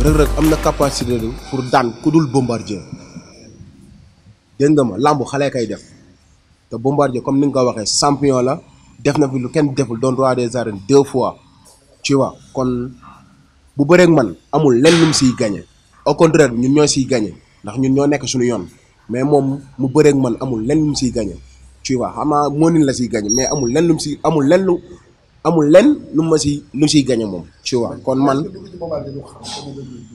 Reug Reug am na capacité pour daan ku dul bombardier dégg nga ma làmb xale kay def te bombardier comme ni nga ko waxee champion la def na fi lu kenn deful doon roi des arènes deux fois tu vois kon bu bëreek man amul lenn lu mu siy gagné au contraire ñun ñoo siy gagné ndax ñun ñoo nekk suñu yoon mais moom mu bëreeg man amul lenn lu mu siy gagné tu vois xam naa moo la siy gagné mais amul lenn lu mu amul lenn amul lenn lu ma si lu siy gañe moom tu waa kon man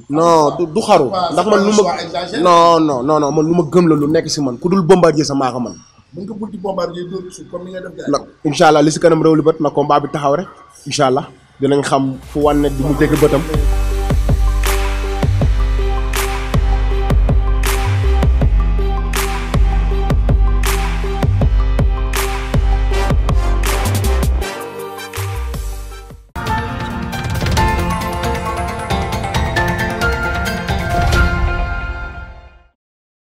non du xaru ndax man lu ma non non non non man lu ma gëm la lu nekk si man ku dul bombardier sa maa ko man nag incha allah li si kanam réew li bët na combat bi taxaw rek incha allah dinañ xam fu wànne di mu dégg bëtam